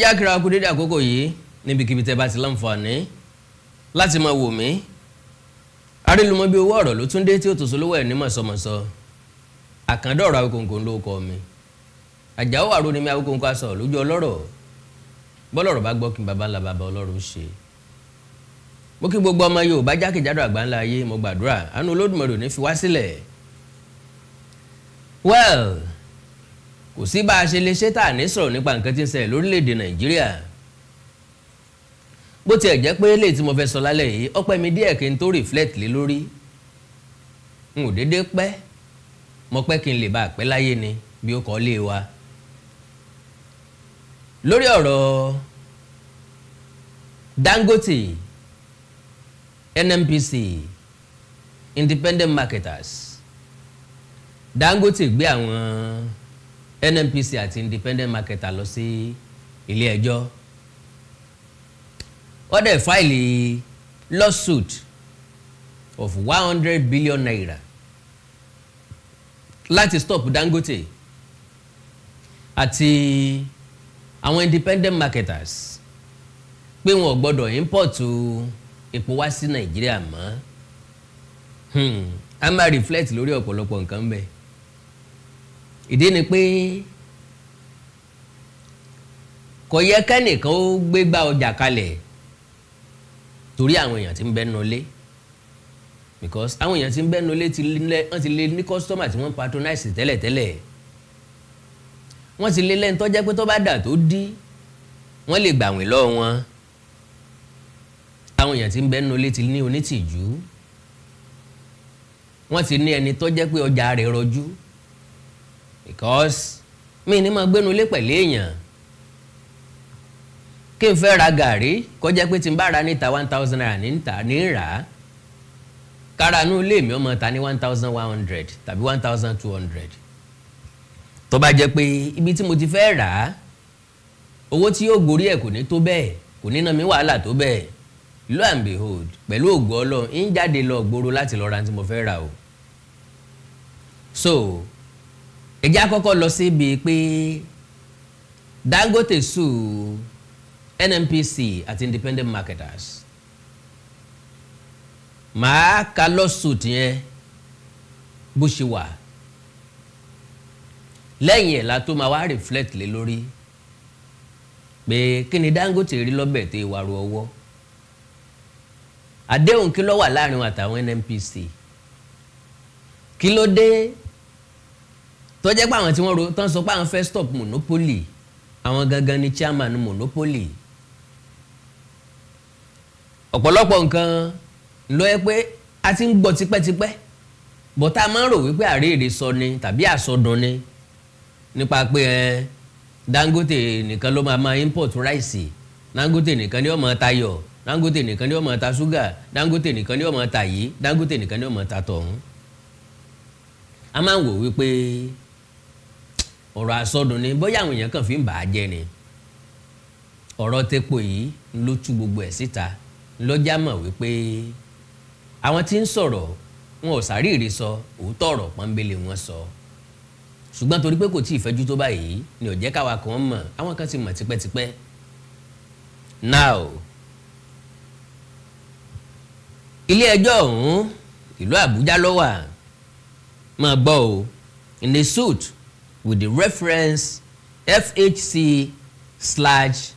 ẹjẹ́ àkìrà kú dédé àkókò yìí níbikíbi tẹ́ bá ti láǹfààní láti máa wò mí arílùmọ́ bí owó ọ̀rọ̀ ló tún dé tí ó tòṣó lówó ẹ̀ ní mọ̀sọ̀mọ̀sọ àkàndọ̀rọ̀ Awíkòǹkò ń lóko mi àjàó àrò ni mi Awíkòǹkò aṣọ lójú ọlọ́rọ̀ bọ́lọ́rọ̀ bá gbọ́ kí baba ńlá baba ọlọ́rọ̀ ṣe mo kí gbogbo ọmọ Yorùbá jákèjádò àgbáńlá ayé mo gbàdúrà àánú Olódùmarè ní fi wá sílẹ̀ well kò sí bá a ṣe lè ṣe tá à ní sọ̀rọ̀ nípa nǹkan tí ń ṣẹlẹ̀ lórílẹ̀‐èdè nàìjíríà bó tiẹ̀ jẹ́ pé lè tí mo fẹ́ sọ lálẹ́ yìí ọpẹ́ mi díẹ̀ kí n tó reflect lé lórí n ò dédé pẹ́ mo pẹ́ kí n lè bá a pẹ́ láyé ni bí ó kọ́ lé wa lórí ọ̀rọ̀ Dangote NNPC Independent Marketers Dangote gbé àwọn. Àwọn NNPC àti independent marketer lọ sí ilé ẹjọ́ wọ́n dẹ̀ fáìlì lawsuit of one hundred billion naira láti stop Dangote àti àwọn independent marketers pé wọn ò gbọ́dọ̀ import epo wá sí Nàìjíríà mọ́ hmm. a máa reflect lórí ọ̀pọ̀lọpọ̀ nǹkan bẹ́ẹ̀ ìdí ni pé kò yẹ kẹ́nìkan ó gbégbá ọjà kalẹ̀ torí àwọn èèyàn tí ń bẹ nulẹ̀ because àwọn èèyàn tí ń bẹ nulẹ̀ ti lé wọ́n ti lé ní customer tí wọ́n patronize tẹ́lẹ̀tẹ́lẹ̀ wọ́n ti lé lẹ́ni tó jẹ́ pé tó bá dà tó dí wọ́n lè gbà wọ́n lọ́wọ́ wọn àwọn èèyàn tí ń bẹ nulẹ̀ ti ní onítìjú wọ́n ti ní ẹni tó pé ọjà rẹ̀ rọjú because mi ni ma gbénu lé pẹ̀lú èèyàn kí n fẹ́ ra gàrí kọjá pé tí n bá ra níta one thousand naira níta ní rà á káràánú ilé mi ọmọ ta ní one thousand one hundred tàbí one thousand two hundred tó bá jẹ́ pé ibi tí mo ti fẹ́ rà á owó tí yóò gorí ẹ̀ kò ní tó bẹ́ẹ̀ kò ní ná mi wàhálà tó bẹ́ẹ̀ lo and behold pẹ̀lú ògo ọlọ́run ń jáde lọ gbòòrò láti lọ tí mo fẹ́ rà o so ẹ jẹ́ àkọ́kọ́ lọ síbi pé Dangote sù NNPC àti independent marketers màá ka lawsuit yẹn bó ṣe wà lẹ́yìn ẹ̀ la tó máa wá reflect lé lórí pé kí ni Dangote rí lọ́bẹ̀ tó ìwà ru ọwọ́ àdéhùn kí ló wà láàrin àtàwọn NNPC kí ló dé tó jẹ́ pé àwọn tí wọ́n ro tán sọ pé àwọn fẹ́ stop monopoly àwọn gangan ni chairman monopoly ọ̀pọ̀lọpọ̀ nǹkan ló yẹ pé a ti ń gbọ́ tipẹ́tipẹ́ bọ́tà máa ń rò wípé àréèrè sọ ni tàbí àsọdùn ni nípa pé ẹ Dangote nìkan ló máa máa import rice, Dangote nìkan ni ó máa tayọ̀ Dangote nìkan ni ó máa ta ṣúgà Dangote nìkan ni ó máa ta yìí Dangote nìkan ni ó máa ta tọ̀hún a máa ń wò wípé ọ̀rọ̀ àsọdùn ni bóyá àwọn èèyàn kàn fi ń bà á jẹ ni ọ̀rọ̀ tepo yìí ló tú gbogbo ẹ̀ síta lọ́jà mọ̀ wípé àwọn tí ń sọ̀rọ̀ wọn ò sáré sọ òótọ́ ọ̀rọ̀ pọ́nbélé wọn sọ ṣùgbọ́n torí pé kò tí ì fẹ́jú tó báyìí ni ò jẹ́ káwa kan mọ̀ àwọn kan ti mọ̀ tipẹ́tipẹ́ now ilé ẹjọ́ ọ̀hún ìlú Àbújá ló máa gbọ́ o in a suit with the reference FHC slash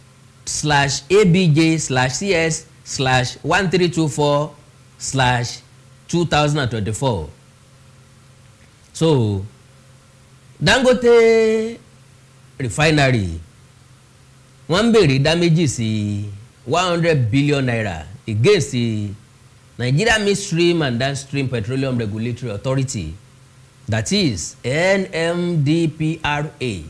slash ABJ slash CS slash 1324 slash 2024. So Dangote refinery wọ́n ń béèrè dáméjì sí one hundred billion naira against the Nigeria Midstream and Downstream Petroleum Regulatory Authority that is NMDPRA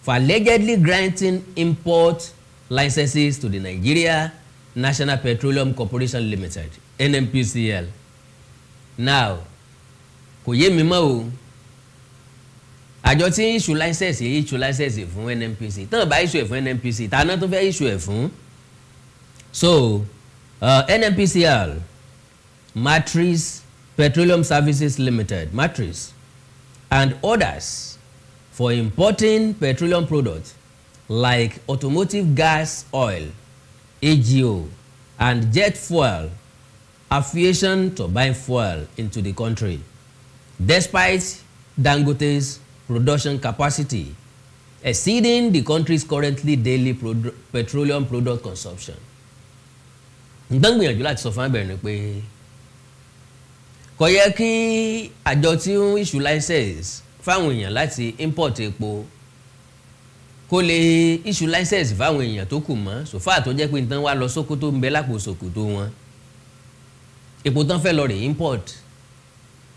for allegedly granting import licenses to the Nigeria National Petroleum Corporation Limited NNPCL now kò yé mi mọ́ o àjọ tí ń issue license yìí issue license fún NNPC tán bá issue ẹ̀ fún NNPC tàná tó fẹ́ issue ẹ̀ fún so uh, NNPCL matrix Petroleum Services Limited, Matrix, and others for importing petroleum products like automotive gas oil, AGO, and jet fuel, aviation turbine fuel into the country, despite Dangote's production capacity exceeding the country's currently daily produ petroleum product consumption. ǹdán gbìyànjú láti sọ fún abẹ́rẹ́ ni pé kò yẹ kí àjọ tí ń issue license fáwọn èèyàn láti import epo kó lè issue license fáwọn èèyàn tó kù mọ́ sòfà tó jẹ́ pé nǹkan wá lọ sókótó ń bẹ lápò sòkòtò wọn epo tán fẹ́ lọ rè import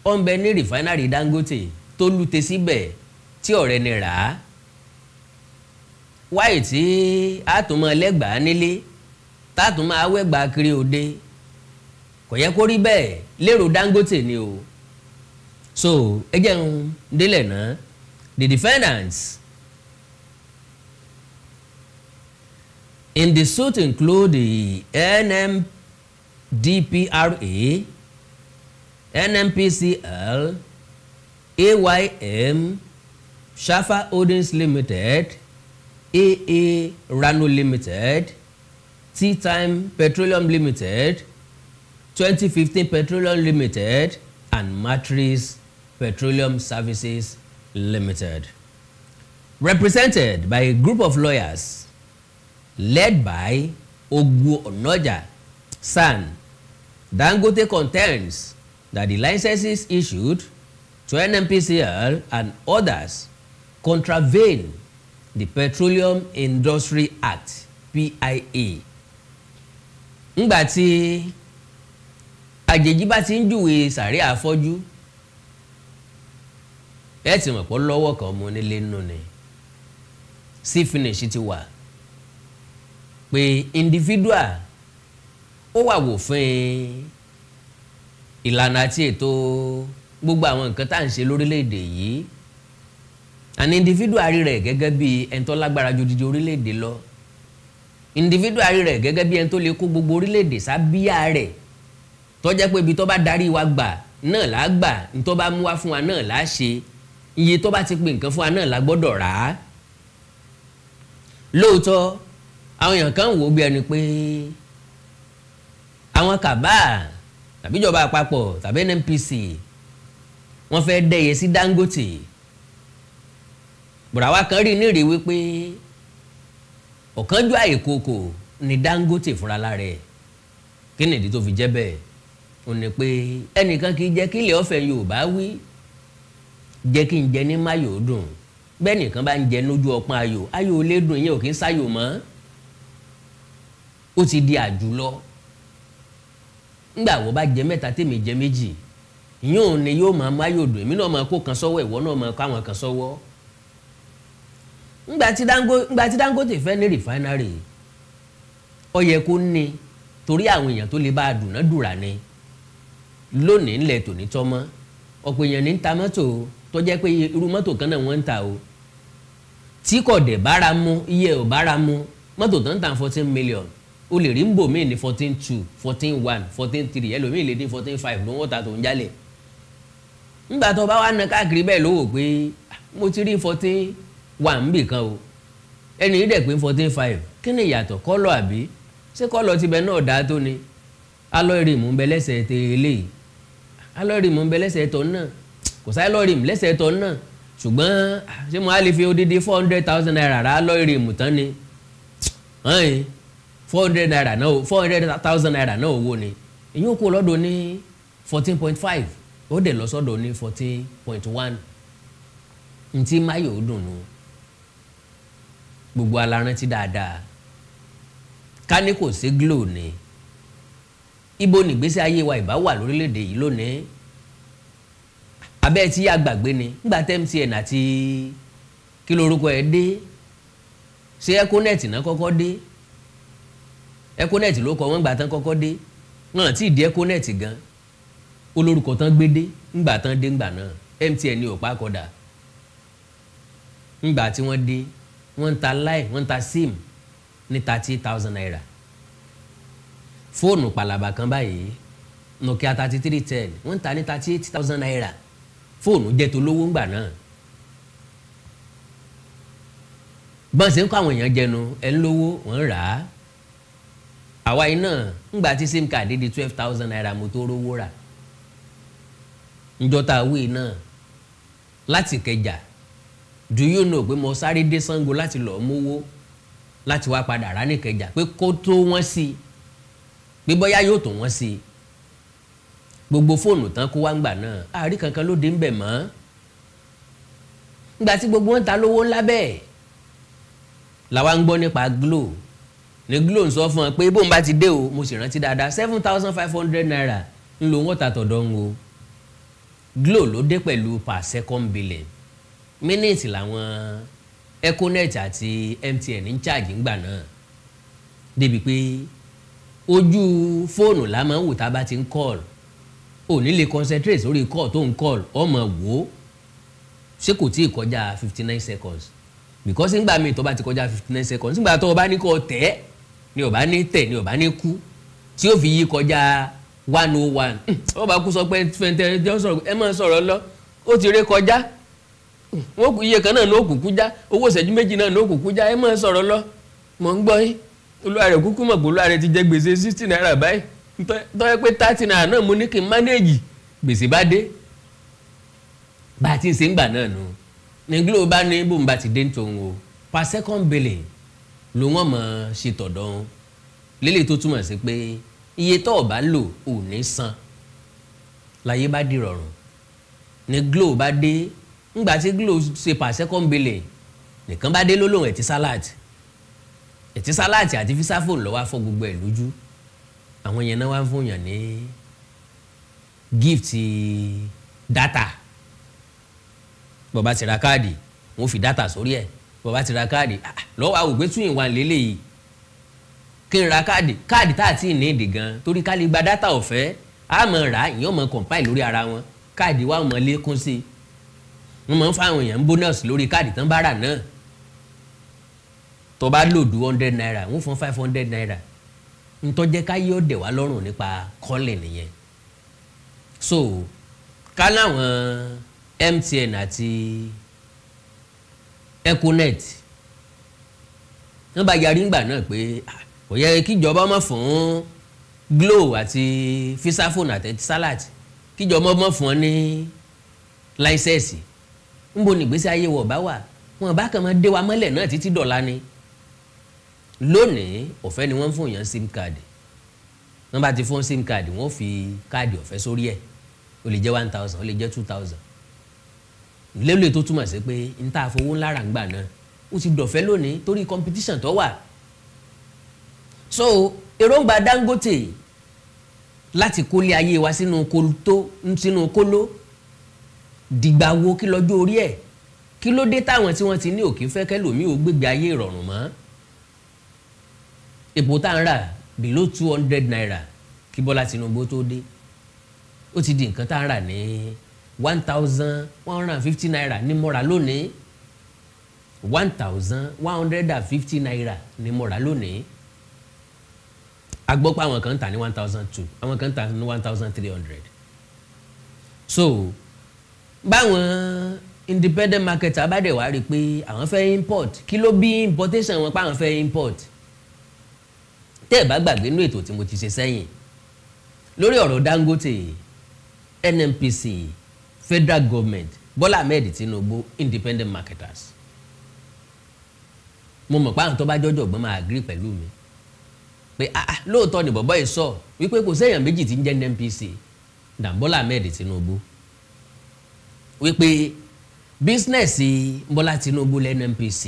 ó ń bẹ ní refinery Dangote tó lute síbẹ̀ tí ọ̀rẹ́ ni rà á wáyé tí àtúmọ̀ lẹ́gbàá nílé tátùmọ̀ awẹ́gbàá kiri òde kò yẹ kó rí bẹ́ẹ̀ lérò Dangote ni o so ẹ jẹ́ ń délẹ̀ náà the defendants in the suit include the NMDPRA NMPCL AYM Shafa Holdings Limited AA Rano Limited Tea Time Petroleum Limited 2015 Petroleum Limited and Matriz Petroleum Services Limited. Represented by a group of lawyers led by Ogu Onoja, San, Dangote contends that the licenses issued to NMPCL and others contravene the Petroleum Industry Act, PIA. E. Ngbàtí àjèjì bá ti ń júwe sàárè àfọ́jú ẹ ti mọ̀ pọ́ lọ́wọ́ kan mo nílé nù ni sí finish ti wà pé individual ó wà wòfin ìlànà àti ètò gbogbo àwọn nǹkan tá à ń ṣe lórílẹ̀‐èdè yìí an individual rí rẹ̀ gẹ́gẹ́ bí ẹni tó lágbára ju dídí orílẹ̀‐èdè lọ individual rí rẹ̀ gẹ́gẹ́ bí ẹni tó lè kó gbogbo orílẹ̀‐èdè sábíà rẹ̀ tó jẹ́ pé ibi tó bá darí wa gbà náà là á gbà ní tó bá mú wá fún wa náà là á ṣe iye tó bá ti pe nǹkan fún wa náà la gbọ́dọ̀ rà á lóòótọ́ àwọn èèyàn kan wò ó bí ẹni pé àwọn kàbá tàbí ìjọba àpapọ̀ tàbí NNPC wọ́n fẹ́ dẹ́yẹ sí Dangote bùràwá kan rí ní ìrèwé pé ọ̀kánjúà ìkòkò ni Dangote fúnra lára ẹ̀ kí nìdí tó fi jẹ́ bẹ́ẹ̀ òun ni pé ẹnìkan kì í jẹ́ kí ilẹ̀ ọ̀fẹ́ Yorùbá wí jẹ́ kí n jẹ ní máyò dùn bẹ́ẹ̀ nìkan bá ń jẹ lójú ọpọ́n ayò ayò lè dùn yẹn ò kí ń sáyò mọ́ ó ti di àjùlọ ńgbà wo bá jẹ mẹ́ta tèmi jẹ méjì yóò ní yóò máa máyò dùn èmi náà máa kó kan sọ́wọ́ ìwọ náà máa kó àwọn kan sọ́wọ́ ńgbà tí Dangote fẹ́ ní rìfánárì ó yẹ torí àwọn èèyàn tó lè bá a dùnádùrà ni. Dangote, lónìí ńlẹ̀ tòní tọ́mọ́ ọ̀pọ̀ èèyàn ní ń ta mọ́tò tó jẹ́ pé irú mọ́tò kan náà wọ́n ń ta o tí kò dẹ̀ bára mu iye ò bára mu mọ́tò tó ń ta fourteen million o lè rí ń bò míì ní fourteen two fourteen one fourteen three ẹlòmíì lè dín fourteen five ló ń wọ́ta tó ń jálẹ̀ ńgbà tó bá wà ná káàkiri bẹ́ẹ̀ ló wò pé ah, mo ti rí fourteen one ń bì kan o ẹni yìí dẹ̀ pé fourteen five kí ni ìyàtọ̀ kọ́lọ̀ àbí ṣé kọ́lọ̀ tibẹ̀ náà dáa tó ni alọ́ ìrìmù ń bẹ lẹ́sẹ̀ tẹ eléyìí alọ́rìmù ń bẹ lẹ́sẹ̀ tọ́ náà kò sáyé lọ́rìmù lẹ́sẹ̀ tọ́ náà ṣùgbọ́n ah, ṣé mo á lè fi odidi four hundred thousand naira rà lọ́rìmù tán ni four hundred naira náà four hundred thousand naira náà owó ni èyí ò kó lọ́dọ̀ ní fourteen point five ó dẹ̀ lọ sọ́dọ̀ ní fourteen point one ntí máyò dùnú gbogbo alarántí dáadáa ká ní kò sí glo ni ibo nìgbésí ayé wa ìbá wà lórílẹ̀‐èdè yìí lónìí abẹ́ tí yá gbàgbé ni nígbà tẹ́ MTN àti kí lorúkọ ẹ dé ṣé Econet náà kọ́kọ́ dé Econet ló kọ wọ́n gbà tán kọ́kọ́ dé náà tí ìdí Econet gan olórúkọ tán gbé dé ńgbà tán dé ńgbà náà MTN ní òpá kọdà ńgbà tí wọ́n dé wọ́n ń ta line wọ́n ń ta sim ní thirty thousand naira fóònù pàlàbà kan báyìí Nokia thirty three ten wọ́n ń ta ní thirty eight thousand naira fóònù jẹ́ tó lówó ńgbà náà bọ́n ṣe ń kọ́ àwọn èèyàn jẹnu ẹ̀ ń lówó wọ́n rà á àwa yìí ńgbà tí sim card di twelve thousand naira mo tó rówó rà njọ́ tá a láti kẹjà do you know pé mo sáré dé Ṣàngó láti lọ́ọ́ mówó láti wá padà rà ní kẹjà pé kó tó wọ́n sí i pé bóyá yóò tó wọ́n sí i gbogbo fóònù tán kó wá ń gbà náà àárí kankan ló dé ń bẹ̀ mọ́ ngbà tí gbogbo wọn ta lówó ńlá bẹ́ẹ̀ làwa ń gbọ́ nípa glo ní glo ń sọ fún wọn pé bóun bá ti dé o mo sì rántí dáadáa seven thousand five hundred naira ń lo wọ́n ta tọ̀dọ̀ ń wo glo ló dé pẹ̀lú per second billion mínítì làwọn econet àti mtn ń ṣáàjì ńgbà náà débi pé ojú fóònù la máa ń wò tá a bá ti ń call ò ní lè concentrate sórí call tó ń call ọmọ wò ó ṣé kò tí ì kọjá fifty nine seconds because nígbà míì tó bá ti kọjá fifty nine seconds nígbà tó o bá ní kó tẹ̀ ni o bá ní tẹ̀ ni o bá ní kú tí ó fi yí kọjá one oh one hmm, ó bá kú sọ pé fẹ̀ntẹ̀ ẹ máa sọ̀rọ̀ lọ ó ti ré kọjá hmm, wọ́n kú iye kan náà ló kù kú já owó ìṣẹ́jú méjì náà ló kù já ẹ máa sọ̀rọ̀ lọ mọ̀ ń gbọ́ yín olúwa rẹ̀ kúkú mọ̀ pé olúwa ti jẹ gbèsè sixty naira báyìí tọ́yẹ pé thirty naira náà mo ní kí n mánéèjì gbèsè bá dé bá a ti ń ń gbà náà nù ní glo bá ní bóun bá ti dé ní tòun o second billing ló wọ́n mọ̀ ṣe tọ̀dọ̀ lélẹ̀ tó túmọ̀ sí pé iye tó o bá lò ò ní san láyé salad ètí sáláàtì àti físáfò lọ́wọ́ afọ gbogbo ẹ̀ lójú àwọn yẹn náà wá ń fòyàn ní gift data bọ́ba ti ra káàdì wọ́n fi data sórí ẹ̀ bọ́ba ti ra káàdì ah, lọ́wọ́ àwògbé tún ìwà lélẹ́yìí kí n ra káàdì káàdì tá a ti ní èdè gan torí ká lè gba data ọ̀fẹ́ a mọ̀ rà ìyẹn mọ̀ compile lórí ara wọn káàdì wa mọ̀ lékún sí i wọ́n mọ̀ ń fáwọn èèyàn bónọ́ọ̀sì lórí káàdì tán bá rà náà tó bá lò dú hundred naira ń fún five hundred naira ntọ́jẹ́ káyé ọ̀dẹ̀ wá lọ́rùn nípa calling nìyẹn so ká láwọn MTN àti Econet wọ́n bá yarí ńgbà náà pé kò yẹ kíjọba má fún Glo àti Fisafone àti Etisalat kíjọba má fún ọ ní láísẹ̀sì ńbo nígbésí ayé wọ̀ bá wà wọn bá kàn máa dé wa mọ́lẹ̀ náà títí dọ̀la ni lónìí ọ̀fẹ́ ni wọ́n ń fún yàn sim card wọ́n bá ti fún sim card wọ́n fi káàdì ọ̀fẹ́ sórí ẹ̀ ó lè jẹ́ one thousand ó lè jẹ́ two thousand lélẹ̀ tó túmọ̀ sí pé n ta fowó ńlá rà ń náà ó ti dọ̀fẹ́ lónìí torí competition tó wà so èròǹgbà Dangote láti kólé ayé wa sínú kólótó sínú kóló dìgbà wo kí lọ́jọ́ orí ẹ̀ kí ló dé táwọn tí wọ́n ti ní òkè fẹ́ kẹ́lòmíì ò gbégbé ayé ìrọ̀rùn mọ́ epo tá à ń rà below two hundred naira kí Bọ́lá Tinubu tó dé ó ti di nǹkan tá à ń ní one thousand one hundred and fifty naira ní mọ́ra lónìí one thousand one hundred and fifty naira ní mọ́ra lónìí a gbọ́ pé àwọn kan ń tà ní one thousand two àwọn kan ń tà ní one thousand three hundred so báwọn independent market bá wa wá rí i pé àwọn fẹ́ import kí ló bí importation wọn pé àwọn fẹ́ import tẹ́ ẹ̀ bá gbàgbé nínú ètò tí mo ti ṣe sẹ́yìn lórí ọ̀rọ̀ Dangote NNPC federal government Bọ́lá Ahmed Tinubu independent marketers mo mọ̀ pé àwọn tó bá jọ́jọ́ ọ̀gbọ́n máa agree pẹ̀lú mi pé ah, ah lóòótọ́ ni bọ̀bọ́ yìí sọ wípé kò séèyàn méjì tí ń jẹ́ NNPC Bọ́lá Ahmed Tinubu wípé bísínẹ́sì Bọ́lá Tinubu lẹ́ NNPC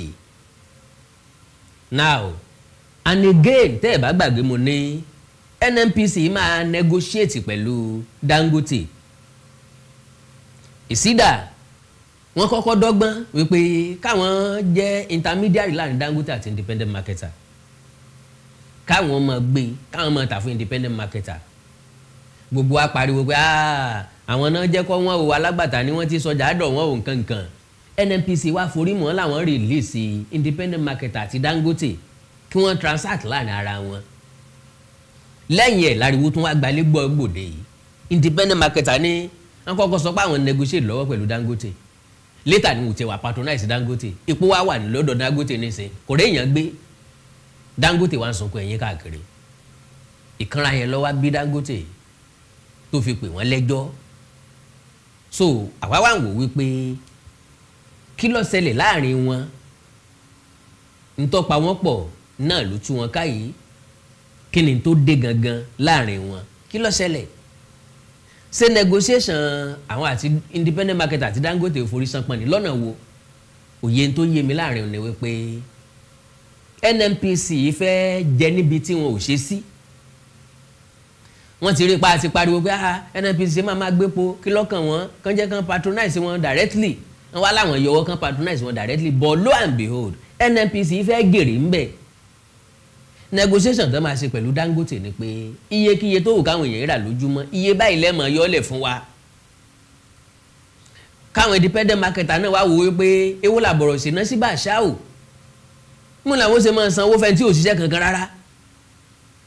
now and again tẹ́ ẹ̀ bá gbàgbé mo ní NNPC máa negotiate pẹ̀lú Dangote ìsídà wọ́n kọ́kọ́ dọ́gbọ́n wípé káwọn jẹ́ intermediary láàrin Dangote àti independent marketer káwọn máa gbé káwọn máa tà fún independent marketer gbogbo wa pariwo pé ah, àwọn náà jẹ́ kọ́ wọn o alágbàtà ni wọ́n ti sọjà àdọ̀ wọn o nǹkan nǹkan NNPC wá forí mọ́ làwọn release independent marketer àti Dangote tí wọ́n transact láàrin ara wọn lẹ́yìn ẹ̀ láriwo tí wọ́n á gbalé gbọ́ gbòde yìí independent marketer ní wọ́n kọ́kọ́ sọ pé àwọn negotiate lọ́wọ́ pẹ̀lú Dangote later ni mo ti wà patronize Dangote epo wa wà lọ́dọ̀ Dangote nísìnyí kò réèyàn gbé Dangote wa ń sunkún ẹ̀yìn káàkiri ìkanra yẹn lọ́wọ́ bí Dangote tó fi pè wọ́n lẹ́jọ́ so àwa wà ń wò wípé kí ló ṣẹlẹ̀ láàrin wọn ń wọn pọ̀ náà ló tú wọn káyìí kí ni tó dé gangan láàrin wọn kí ló ṣẹlẹ̀ ṣe negotiation àwọn àti independent market àti Dangote forí sanpọ̀n ní lọ́nà wo òye tó yé mi láàrin òní wípé NNPC fẹ́ jẹ níbi tí wọn ò ṣe sí. Si wọ́n ti rí ipa àti pariwo pé ah NNPC máa máa gbépo kí lọ́kàn wọn kàn jẹ́ kàn patronize wọn directly wọ́n wá láwọn yọwọ́ kàn patronize wọn directly but lo and behold NNPC fẹ́ gèrè ńbẹ̀ negotiation tó máa ṣe pẹ̀lú Dangote ni pé iyekíye tó wù káwọn èèyàn rà lójúmọ́ iye báyìí lẹ́mọ̀ yọ́lẹ̀ fún wa káwọn independent marketer náà wá wò ó pé ewu làbọ̀rọ̀ ṣìná sí bàṣá o mú làwọn ṣe máa sanwó fẹ́ tí ò ṣiṣẹ́ kankan rárá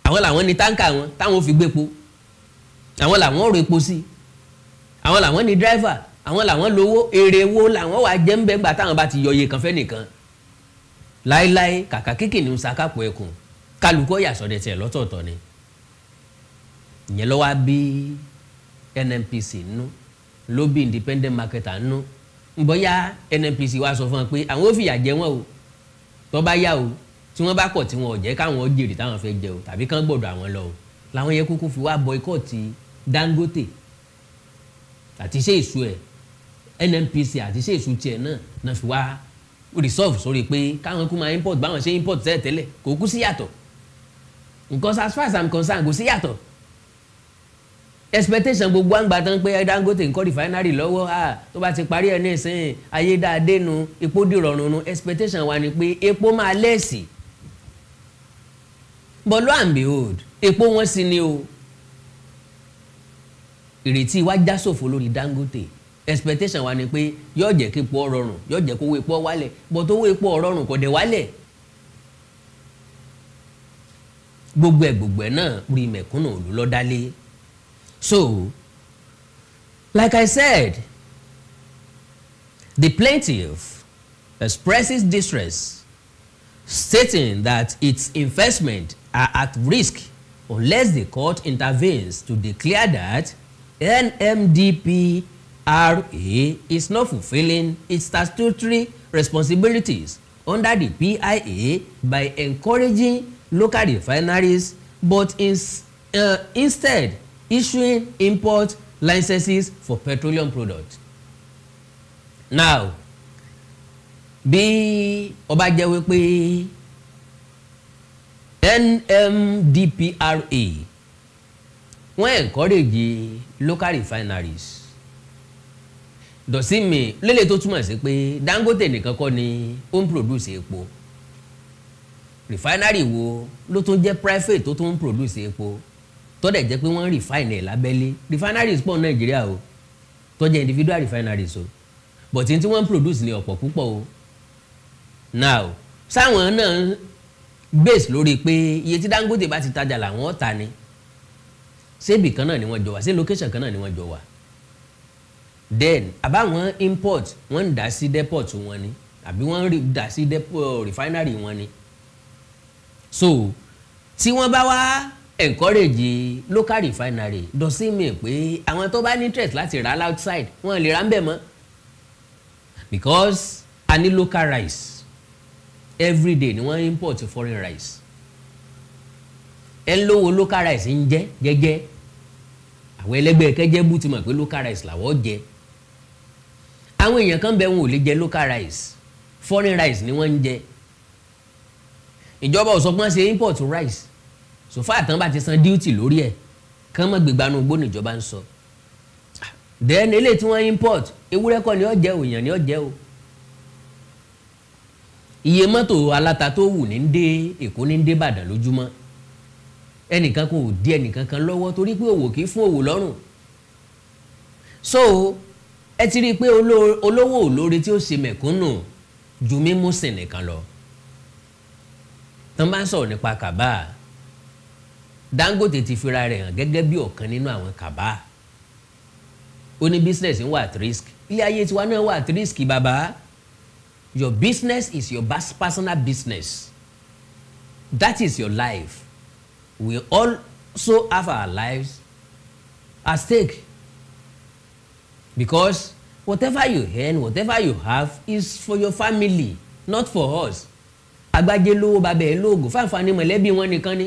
àwọn làwọn ní táǹkà wọn táwọn fi gbépo àwọn làwọn rò epo sí àwọn làwọn ní driver àwọn làwọn lówó èrè wo làwọn wà jẹ́ ń bẹ́gbà táwọn bá ti yọ iye kan fẹ́ nìkan láéláé kàkà kíkì ní ń ẹkùn kálukọ́ yàsọ̀dẹ̀ tiẹ̀ lọ́tọ̀ọ̀tọ̀ ni ìyẹn ló wá bí NNPC nú ló independent marketer nú nbọ́yá NNPC wa sọ fún wọn pé àwọn ò fìyà jẹ wọn o tó bá yá o tí wọ́n bá kọ̀ tí wọn ò jẹ́ káwọn jèrè táwọn fẹ́ jẹ o tàbí kán gbọ́dọ̀ àwọn lọ o làwọn yẹn kúkú fi wá boycott Dangote àti iṣẹ́ ìṣú ẹ̀ NNPC àti iṣẹ́ ìṣú tiẹ̀ náà náà fi wá resolve sórí pé káwọn kú máa import báwọn ṣe import tẹ́lẹ̀ tẹ́lẹ̀ kò kú sí yàtọ̀ because as far as i'm concerned kò sí yàtọ̀ expectation gbogbo àgbà tán pé Dangote ń kọ́ refinery lọ́wọ́ ah tó bá ti parí ẹ̀ ní ìsìn ayédáadé nu epo dìrọ̀rùn nu expectation wa ni pé epo máa lẹ́ẹ̀sì but lo and behold epo wọn sì ni o ìrètí wa já sòfò lórí Dangote expectation wa ni pé yóò jẹ́ kí epo rọrùn yóò jẹ́ kówó epo wálẹ̀ but owó epo rọrùn kò dé wálẹ̀ gbogbo ẹ̀ gbogbo ẹ̀ náà orí mẹ̀kúnnù ló lọ so like I said the plaintiff expresses distress stating that its investment are at risk unless the court intervenes to declare that NMDPRA is not fulfilling its statutory responsibilities under the PIA by encouraging local refineries but in, uh, instead issuing import licenses for petroleum products. now bí ó bá jẹ́ NMDPRA wọ́n encourage local refineries dọ̀sí mi lélẹ̀ tó túmọ̀ sí pé Dangote nìkan kọ́ ni ó ń produce epo refinery wo ló tún jẹ́ private tó tún ń produce epo tó dẹ̀ jẹ́ pé wọ́n refine ẹ̀ lábẹ́lé refineries pọ̀ nàìjíríà o tó individual refineries o but tí wọ́n produce ní ọ̀pọ̀ púpọ̀ o now sáwọn náà base lórí pé iye tí Dangote bá ti tajà làwọn ta ni ṣébì kan náà ni wọ́n jọ wà ṣé location kan náà ni wọ́n jọ wà then àbáwọn import wọ́n ń dà sí depot wọn ni àbí wọ́n ń dà sí refinery wọn ni so tí wọ́n bá wá encourage local refinery doesn't mean pé àwọn tó bá ní interest láti rà á outside wọ́n lè rà á ń bẹ̀ mọ́ because a ní local rice every day ni wọ́n import foreign rice ẹ ń lówó local rice ń jẹ jẹjẹ àwọn ẹlẹgbẹ́ kẹjẹ bú ti mọ̀ pé local rice làwọn jẹ àwọn èèyàn kan bẹ wọn ò lè jẹ local rice foreign rice ni wọ́n ń jẹ ìjọba ò sọ pé ṣe import rice so far àtàn bá ti san duty lórí ẹ̀ kán mọ̀ gbégbá inú gbóni ìjọba ń sọ then eléyìí tí wọ́n import ewúrẹ́ kọ́ ni ó jẹ́ òyàn ni ó jẹ́ o iye mọ́tò aláta tó wù ní dé èkó ní dé ìbàdàn lójúmọ́ ẹnìkan kò di ẹnìkan lọ́wọ́ torí pé òwò kì í fún òwò lọ́rùn so ẹ ti rí i pé olówó olóore tí ó ṣe mẹ̀kúnnù ju mímú sìn nìkan lọ tán bá ń sọ̀rọ̀ nípa kaba Dangote ti fira rẹ̀ hàn gẹ́gẹ́ bí ọ̀kan nínú àwọn kaba ó ní business ń wà at risk ilé ayé tiwa náà wà at risk bàbá your business is your best personal business that is your life we also have our lives at stake because whatever you earn whatever you have is for your family not for us agbájé lówó babẹ̀ ẹ̀ lóògùn fáǹfààní mọ̀lẹ́bí wọn nìkan ni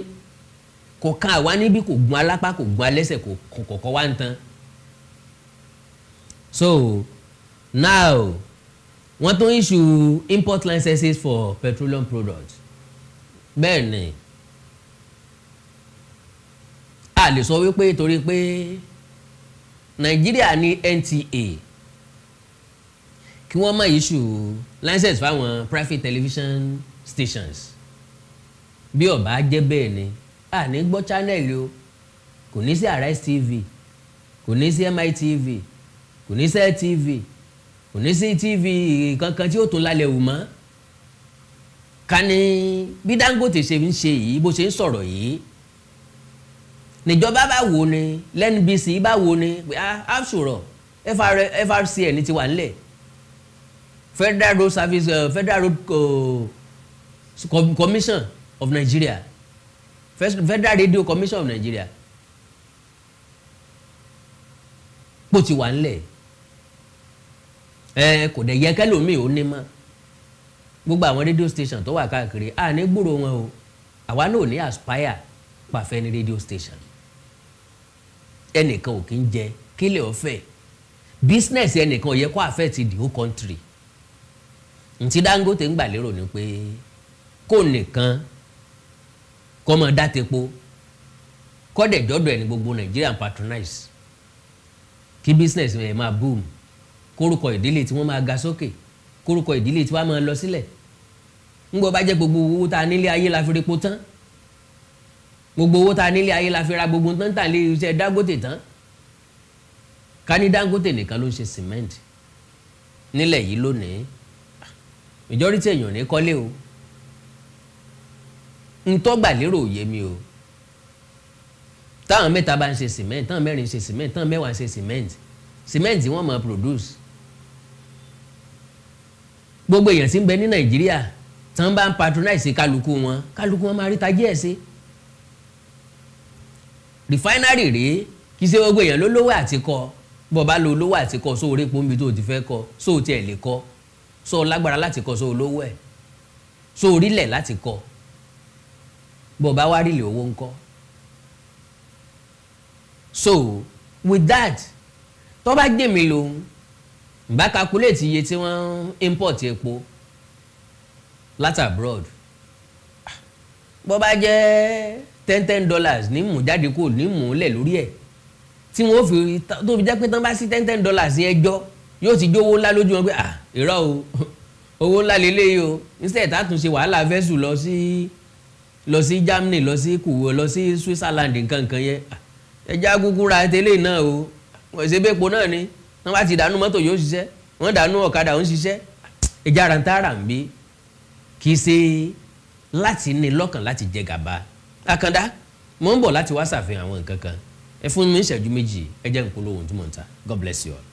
kò kan àwa níbí kò gun alápá kò gun alẹ́sẹ̀ kò kọ̀kọ́ wá ń tan so now wọ́n tún issue import licenses for petroleum products bẹ́ẹ̀ ni a lè sọ wípé torí pé Nàìjíríà ní NTA kí wọ́n má issue license fáwọn private television stations bí ó bá jẹ́ ni a ní gbọ́ channel o kò ní sí Arise TV kò ní sí MITV kò ní sí TV kò ní sí TV kankan tí ó tún lálẹ́ wù mọ́ ká ní bí Dangote ṣe ń ṣe yìí bó ṣe ń sọ̀rọ̀ yìí níjọba bá wò ni LNBC bá wò ni pé ah, FRCN ti wà nílẹ̀ Federal Road Service uh, Federal Road. Uh, commission of Nigeria First Federal Radio Commission of Nigeria kò ti wà nílẹ̀ ẹ kò dẹ̀ yẹ kẹlòmíì ó ní mọ́ gbogbo àwọn radio station tó wà káàkiri à ní gbúrò wọn o àwa náà ní aspire pàfẹ́ ní radio station ẹnìkan ò kí ń jẹ kílẹ̀ ọ̀fẹ́ business ẹnìkan ò yẹ kó affect the whole country ntí Dangote ń gbà lérò ni pé kó nìkan kọ́ mọ dá tepo kọ́dẹ̀ jọ́dọ̀ ẹni gbogbo Nigerian patronize kí business rẹ̀ máa boom kórúkọ ìdílé tí wọ́n máa ga sókè kórúkọ ìdílé tí wọ́n máa lọ sílẹ̀ ńgbọ́ bá jẹ́ gbogbo owó tá a nílé ayé la fi repo tán gbogbo owó tá a nílé ayé la fi ra gbogbo tán tà lé iṣẹ́ Dangote tán ká Dangote nìkan ló ń ṣe cement nílẹ̀ yìí lónìí majority èèyàn ní kọ́lé o ntọ́gbà lérò òye mi o táwọn mẹ́ta bá ń ṣe cement táwọn mẹ́rin ń ṣe cement táwọn mẹ́wàá ń ṣe cement cement wọ́n máa produce gbogbo èèyàn tí ń bẹ ní nàìjíríà tán bá ń patronize kálukú wọn kálukú wọn máa rí tají ẹ̀ sí refinery rèé kì í ṣe gbogbo èèyàn ló lówó àti kọ bó o bá lo olówó àti kọ sóò rí pọ́nbi tó o ti fẹ́ kọ sóò tiẹ̀ lè kọ sóò lágbára láti kọ sóò olówó ẹ̀ sóò rílẹ̀ láti kọ. So bó o bá wá rí ilé owó ńkọ́ so with that tó bá gbé mi lòun bá calculate iye tí wọ́n import epo láti abroad bó bá jẹ́ ten ten dollars ní mú jáde kó ní mú lẹ̀ lórí ẹ̀ tí wọ́n fi tó fi jẹ́ pé tán bá sí ten ten dollars yẹn jọ yóò ti jówó ńlá lójú wọn pé ah irọ́ o owó ńlá lélẹ́yìí o instead àtúnṣe wàhálà fẹ́ sùn lọ sí. Si lọ sí Germany lọ sí kùwọ lọ sí Switzerland nkankan yẹn ẹja kúkú ra tẹ́lẹ̀ náà o wọ́n ṣe bẹ́ẹ̀po náà ni wọ́n bá ti dànù mọ́tò yóò ṣiṣẹ́ wọ́n dànù ọ̀kadà ń ṣiṣẹ́ ẹja ara ń tààrà ń bí kì í ṣe láti ní lọ́kàn láti jẹ gàba àkàndá mò ń bọ̀ láti wá ṣàfihàn àwọn nǹkan ẹ fún mi ìṣẹ́jú méjì ẹ jẹ́ n ohun tí mò ń ta God bless you all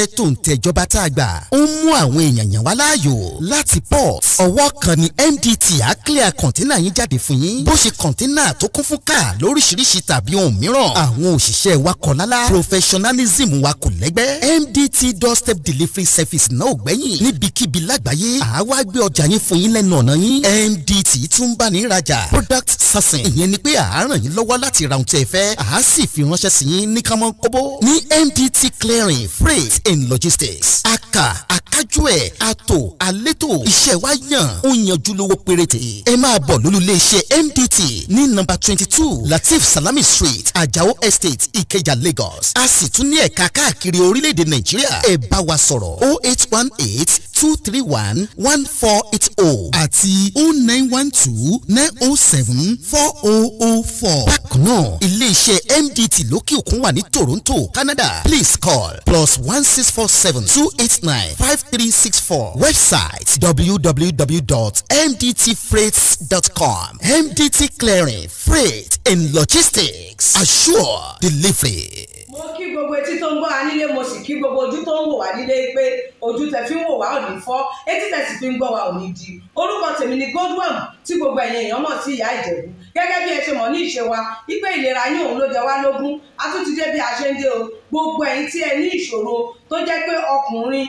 iṣẹ́ tó ń tẹ̀jọba tá a gbà ó ń mú àwọn èèyàn yàn wá láàyò láti port ọwọ́ kan ni MDT á clear kọ̀ńténà yín jáde fún yín bó ṣe kọ̀ńténà tó kún fún káà lóríṣiríṣi tàbí ohun mìíràn àwọn òṣìṣẹ́ wa kọ̀ lálá professionalism wa kò lẹ́gbẹ́ MDT doorstep delivery service náà ò gbẹ́yìn níbikíbi lágbàáyé àwa gbé ọjà yín fún yín lẹ́nu ọ̀nà yín MDT tún bá ní ìrajà product sourcing ìyẹn ni pé à ń ràn yín lọ́wọ́ láti ra ohun tí ẹ fẹ́ à á sì fi ránṣẹ́ sí yín ní kánmọ́ kóbó ní MDT clearing freight and logistics aka akájú ẹ̀ ato alétò iṣẹ́ wa yàn ó yanjú lówó péréte ẹ máa bọ̀ lólulẹ̀ iṣẹ́ MDT ní nọ́mbà twenty two Latif Salami Street Ajao Estate Ikeja Lagos a sì tún ní ẹ̀ka káàkiri orílẹ̀-èdè Nàìjíríà ẹ bá wa sọ̀rọ̀ oh eight one eight two three one one four eight oh àti O oh nine one two nine oh seven four oh oh four. bákan náà iléeṣẹ́ MDT lókè òkun wà ní Toronto Canada please call plus one six four seven two eight nine five three six four website www.mdtfreights.com MDT Clearing Freight and Logistics assure delivery mo kí gbogbo etí tó ń gbọ́ wa nílé mo sì kí gbogbo ojú tó ń wò wá nílé pé ojú tẹ fi ń wò wá ò ní fọ́ etí tẹ sì fi ń gbọ́ wa ò di orúkọ tèmi ni Godwin tí gbogbo ẹ̀yin èèyàn mọ̀ sí ìyá Ìjẹ̀bú gẹ́gẹ́ bí ẹ ṣe mọ̀ ní ìṣe wa wípé ìlera yín òun ló jẹ wá lógún a tún ti dé bí a ṣe ń dé o gbogbo ẹ̀yin tí ẹ ní ìṣòro tó jẹ́ pé ọkùnrin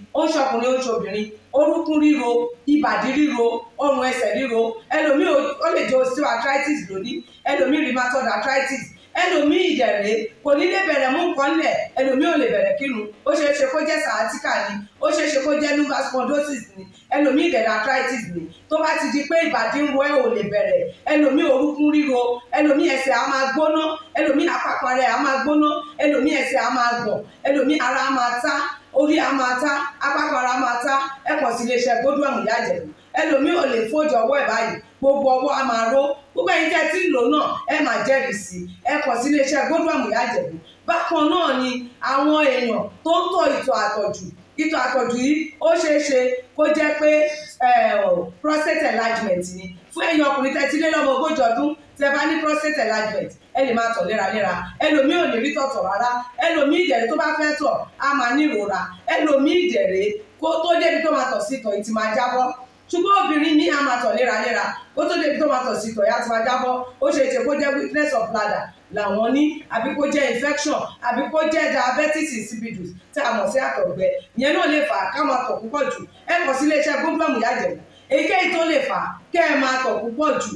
ó ń ṣọkùnrin ó ń ṣobìnrin orúkún ríro ìbàdí ríro ọrùn ẹsẹ̀ ríro ẹlòmíì ó lè jẹ́ osteoarthritis lónìí ẹlòmíì rheumatoid arthritis ẹlòmíì ìdẹ̀rẹ̀ kò ní lè bẹ̀rẹ̀ mú nǹkan lẹ̀ ẹlòmíì ò lè bẹ̀rẹ̀ kírun ó ṣeé ṣe kó jẹ́ sciatica ni ó ṣeé ṣe kó jẹ́ lumbar spondylosis ni ẹlòmíì ìdẹ̀rẹ̀ arthritis ni tó bá ti di pé ìbàdí ń wọ ẹ̀ ò lè bẹ̀rẹ̀ ẹlòmíì orúkún ríro ẹlòmíì ẹsẹ̀ á máa gbóná ẹlòmíì àpapọ̀ rẹ̀ á máa gbóná ẹlòmíì ẹsẹ̀ á máa gbọ̀n ẹlòmíì ara á máa tá orí a máa ta apákanra máa ta ẹ pọ̀ sí iléeṣẹ́ gbódú àmì ìyájẹ̀ ẹlòmíì ò lè fojú ọwọ́ ẹ̀ báyìí gbogbo ọwọ́ a máa ró gbogbo ẹ̀yin tẹ́ ti ń lò náà ẹ máa jẹ́rìí sí ẹ pọ̀ sí iléeṣẹ́ gbódú àmì ìyájẹ̀ bákan náà ni àwọn èèyàn tó ń tọ̀ ìtọ̀ àtọ̀jù ìtọ̀ àtọ̀jù yìí ó ṣeé ṣe kó jẹ́ pé prostate enlargement ni fún ẹ̀yin ọkùnrin tẹ́tílélọ́gbọ̀gójì ọdún tẹ́ bá ní prostate enlargement ẹ lè máa tọ̀ léraléra ẹlòmíì ò ní rí tọ̀tọ̀ rárá ẹlòmíì ìjẹ̀rẹ̀ tó bá fẹ́ tọ̀ á máa ní ìrora ẹlòmíì ìjẹ̀rẹ̀ kó tó débi tó máa tọ̀ sí tọ̀ ìtì máa jábọ́ ṣùgbọ́n obìnrin ní a máa tọ̀ léraléra kó tó débi tó máa tọ̀ sí tọ̀ ìyá ti máa jábọ́ ó ṣe ṣe kó jẹ́ weakness of bladder làwọn ní àbí kó jẹ́ infection àbí kó jẹ́ diabetes insipidus tí a mọ̀ sí àtọ̀gbẹ ìyẹn náà lè fà á ká máa tọ̀ púpọ̀ jù ẹ kàn sí iléeṣẹ́ gómìnà ìyá èyíkéyìí tó lè fà á kẹ́ ẹ máa tọ̀ púpọ̀ jù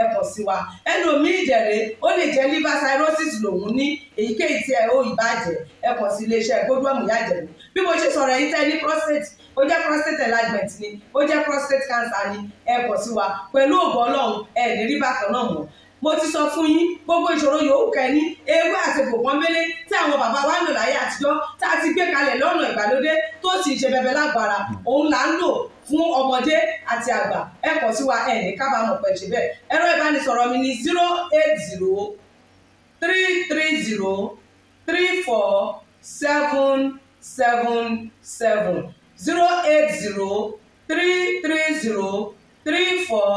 ẹ̀bọ̀ sí wa ẹlòmíì ìdẹ̀rẹ̀ ó lè jẹ́ liver cirrhosis lòun ní èyíkéyìí tí ẹ ó ìbàjẹ́ ẹ̀bọ̀ sí iléeṣẹ́ gbódúọ̀mù ìyájẹ̀mú bí mo ṣe sọ̀rọ̀ yìí tẹ́ ní prostate ó jẹ́ prostate enlargement ni ó jẹ́ prostate cancer ni ẹ̀bọ̀ sí wa pẹ̀lú ògbọ́n ọlọ́run ẹ̀ ní rí bákan náà mọ́ mo ti sọ fún yín gbogbo ìṣòro yòówù kẹ́ni ewé àti gbòǹkan mélé tí àwọn bàbá wa ń lò láyé àtijọ́ tá a ti gbé kalẹ̀ lọ́nà ìgbàlódé tó sì ṣe bẹbẹ lágbára òun là ń lò fún ọmọdé àti àgbà ẹ kọ sí wa ẹ ní kábàámọ̀ pẹ̀ ṣe bẹ́ẹ̀ ẹ̀rọ ìbánisọ̀rọ̀ mi ní zero eight zero three three zero three four seven seven seven zero eight zero three three zero three four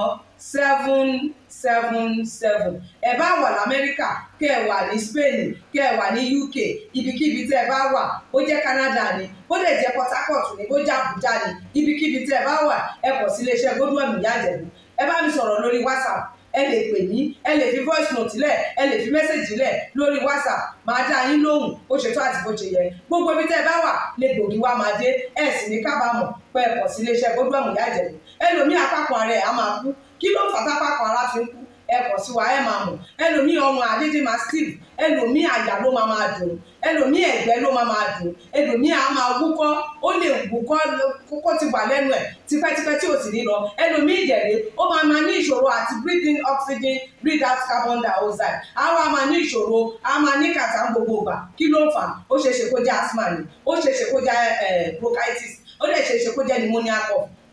seven seven seven ẹ bá wà lamẹ́ríkà kẹ́ ẹ wà ní spain kẹ́ ẹ wà ní uk ibikíbi tẹ́ ẹ bá wà bó jẹ́ canada ni bó lè jẹ́ port harcourt ni bó jẹ́ abuja ni ibikíbi tẹ́ ẹ bá wà ẹ kọ̀ sí iléeṣẹ́ godwin yájẹ̀bù ẹ bá mi sọ̀rọ̀ lórí whatsapp ẹ lè pè mí ẹ lè fi voice note lẹ̀ ẹ lè fi message lẹ̀ lórí whatsapp máa dá yín lóhùn bó ṣe tó àti bó ṣe yẹ gbogbo ibi tẹ́ ẹ bá wà lè gbòógì wá máa dé ẹ sì ní kábàámọ̀ pé ẹ kọ̀ sí iléeṣẹ́ godwin yájẹ̀bù ẹlòmíì apákan ara ẹ̀ á máa kú kí ló fà tápákọ ara fi ń kú ẹ kàn sí wa ẹ máa mọ̀ ẹlòmíì ọmọ àdédé máa steve ẹlòmíì àyà ló máa máa dùn ẹlòmíì ẹ̀gbẹ́ ló máa máa dùn ẹlòmíì á máa wúkọ́ ó lè wúkọ́ kókó ti wà lẹ́nu ẹ̀ tipẹ́tipẹ́ tí ò sì ní lọ ẹlòmíì ìjẹ̀lẹ̀ ó máa máa ní ìṣòro àti breathing oxygen breathe out carbon dioxide á wá máa ní ìṣòro á máa ní kàtà gbogbo gbà kí ló fà ó ṣeéṣe kó jẹ́ asthma ni ó ṣeéṣe kó jẹ́ bronchitis ó dẹ̀ ṣeéṣe kó jẹ́ pneumonia cough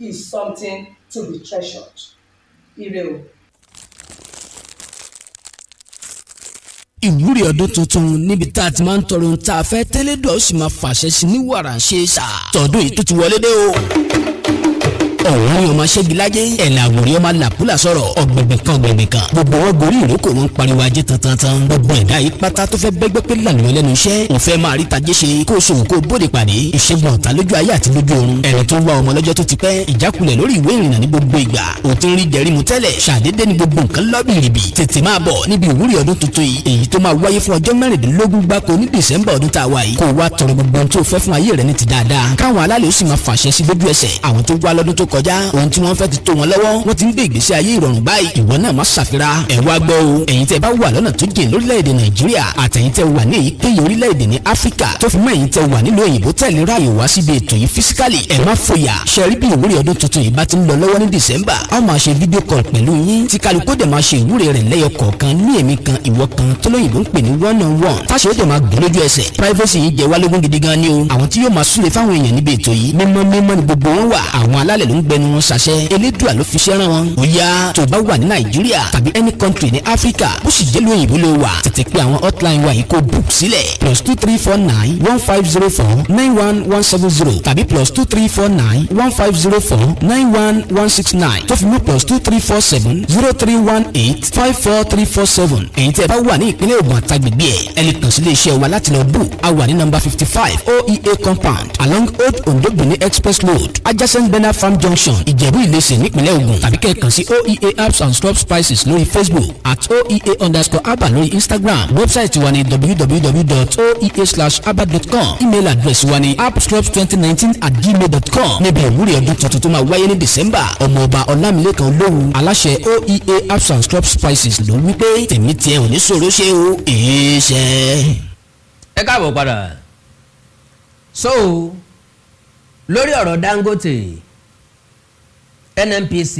is something to be treasured. Ire o. ìwúrí ọdún tuntun níbi tá a ti máa ń tọrọ ohun tá a fẹ́ tẹ́lẹ̀ dọ̀ ó sì máa fàṣẹ sí ní wàrà ṣe é ṣá. tọdún yìí tó ti wọlé dé o ọ̀rọ̀ ni ọmọ ṣẹ́gilájé ẹ̀làwòrì ọmọ làkúlà sọ̀rọ̀ ọ̀gbẹ̀gbẹ̀ kan ọ̀gbẹ̀gbẹ̀ kan gbogbo wọn gorí ìrókò wọn pariwo ajé tantan gbogbo ẹ̀dá yìí pátá tó fẹ́ bẹ́gbẹ́ pé lànà lẹ́nu iṣẹ́ ò fẹ́ máa rí tajé ṣe kó ṣòwò kó bóde pàdé ìṣègùn ọ̀tá lójú ayé àti lójú ọ̀run ẹ̀rọ tó wá ọmọ lọ́jọ́ tó ti pẹ́ ìjákulẹ̀ lórí ìwé ìrìnnà ní gbogbo ìgbà ò ti ń rí jẹ̀rí mu tẹ́lẹ̀ ṣàdédé ni gbogbo nǹkan lọ́bìrìbì tètè máa bọ̀ níbi ìwúrí ọdún tuntun yìí èyí tó máa wáyé fún ọjọ́ mẹ́rìndínlógún gbáko ní dẹ̀sẹ̀mbà ọdún tá a wà yìí kó wá tọrọ gbogbo ohun tó fẹ́ fún ayé rẹ̀ ní ti dáadáa káwọn alálẹ̀ ó sì máa fàṣẹ sí lójú ẹsẹ̀ àwọn tó wá lọ́dún tó k kọjá ohun tí wọ́n fẹ́ ti tó wọn lọ́wọ́ wọ́n ti ń gbé ìgbésí ayé ìrọ̀rùn báyìí ìwọ náà má ṣàfira ẹ̀ wá gbọ́ o ẹ̀yin tẹ́ bá wà lọ́nà tó jìn lórílẹ̀‐èdè nàìjíríà àtẹ̀yin tẹ́ wà ní èyíkéyìí orílẹ̀‐èdè ní áfíríkà tó fi mọ́ ẹ̀yin tẹ́ wà nílùú òyìnbó tẹ̀lé ráàyè wá síbi ètò yìí físíkàlì ẹ̀ má fòyà ṣẹ́rí bí ìwúrí ọdún tuntun yìí bá ti ń lọ lọ́wọ́ ní dìsẹ́mbà a máa ṣe fídíò kọ̀l pẹ̀lú yín tí kálukú dẹ̀ máa ṣe ìwúrí rẹ̀ lẹ́yọ kọ̀ọ̀kan ní èmi kan ìwọ kan tólóyìnbó ń pè ní one on one táṣe ó dẹ̀ máa gbé lójú ẹsẹ̀ privacy yìí jẹ́ wá lógún gidi gan ni o àwọn tí yóò máa súre fáwọn èèyàn níbi ètò yìí mímọ́ mímọ́ ni gbogbo wọn wà àwọn alálẹ̀ ló ń gbẹnu ṣàṣẹ elédùà ló fi ṣẹ́ràn wọn. ó tó bá wà ní nàìjíríà tàbí any country ní áfíríkà bó sì jẹ́ lóyìnbó ló wà tètè pé àwọn hotline wa yìí kó book sílẹ̀ plus two three four nine one five zero four nine one one seven zero tàbí plus two three four nine one five zero four nine one one six nine tó fi mú plus two three four seven zero three one eight five four three four seven èyí tẹ́ bá wà ní ìpínlẹ̀ Ògùn àtàgbègbè ẹ̀ ẹ lè kàn sí iléeṣẹ́ wa láti lọ bù a wà ní nọ́mbà fifty five oea compound along old ondo benin express road adjacent benin farm junction junction ìjẹ̀bú ìlẹsẹ̀ nípínlẹ̀ Ògùn tàbí kẹ́ẹ̀kan sí oea herbs and stop spices lórí facebook at oea underscore herbal lórí instagram wẹ́bsáìtì wa ni www.oea/herbal.com email address wa ni appstrops2019 at gmail.com níbi ìwúrí ọdún tuntun tó máa wáyé ní december ọmọọba ọlámilẹ́kan olóhùn aláṣẹ oea herbs and stop spices ló wí pé tèmi tiẹ̀ ò ní sọ̀rọ̀ ṣe o èé ẹ káàbọ̀ padà so lórí ọ̀rọ̀ dangote nnpc